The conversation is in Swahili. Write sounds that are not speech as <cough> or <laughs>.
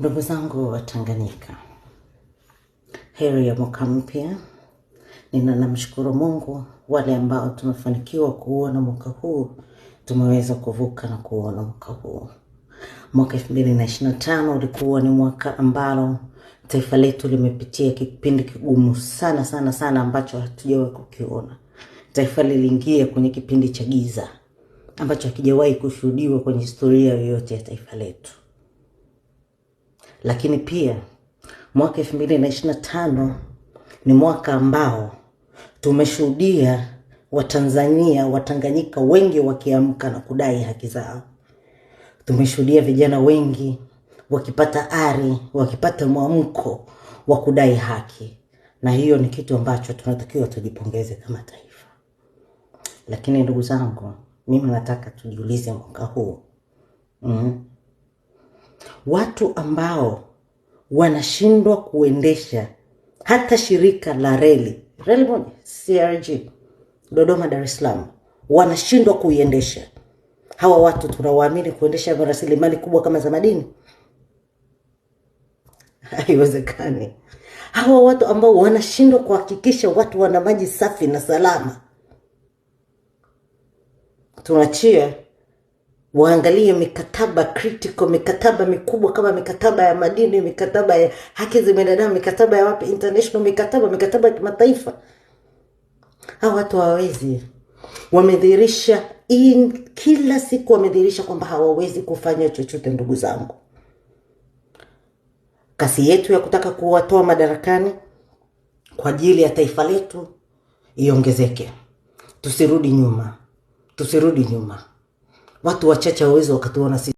Ndugu zangu wa Tanganyika, heri ya mwaka mpya. Nina namshukuru Mungu wale ambao tumefanikiwa kuona mwaka huu, tumeweza kuvuka na kuona mwaka huu. Mwaka 2025 ulikuwa ni mwaka ambalo taifa letu limepitia kipindi kigumu sana sana sana ambacho hatujawahi kukiona. Taifa liliingia kwenye kipindi cha giza ambacho hakijawahi kushuhudiwa kwenye historia yoyote ya taifa letu lakini pia mwaka elfu mbili na ishirini na tano ni mwaka ambao tumeshuhudia Watanzania Watanganyika wengi wakiamka na kudai haki zao. Tumeshuhudia vijana wengi wakipata ari, wakipata mwamko wa kudai haki, na hiyo ni kitu ambacho tunatakiwa tujipongeze kama taifa. Lakini ndugu zangu, mimi nataka tujiulize mwaka huu mm watu ambao wanashindwa kuendesha hata shirika la reli reli moja CRG Dodoma Dar es Salaam wanashindwa kuiendesha. Hawa watu tunawaamini kuendesha rasilimali kubwa kama za madini? <laughs> Haiwezekani. Hawa watu ambao wanashindwa kuhakikisha watu wana maji safi na salama, tunachia waangalie mikataba critical, mikataba mikubwa kama mikataba ya madini, mikataba ya haki za binadamu, mikataba ya wapi international, mikataba mikataba ya kimataifa. Hawa watu hawawezi, wamedhihirisha kila siku, wamedhihirisha kwamba hawawezi kufanya chochote. Ndugu zangu, kasi yetu ya kutaka kuwatoa madarakani kwa ajili ya taifa letu iongezeke. Tusirudi nyuma, tusirudi nyuma watu wachache waweza wakatuona sisi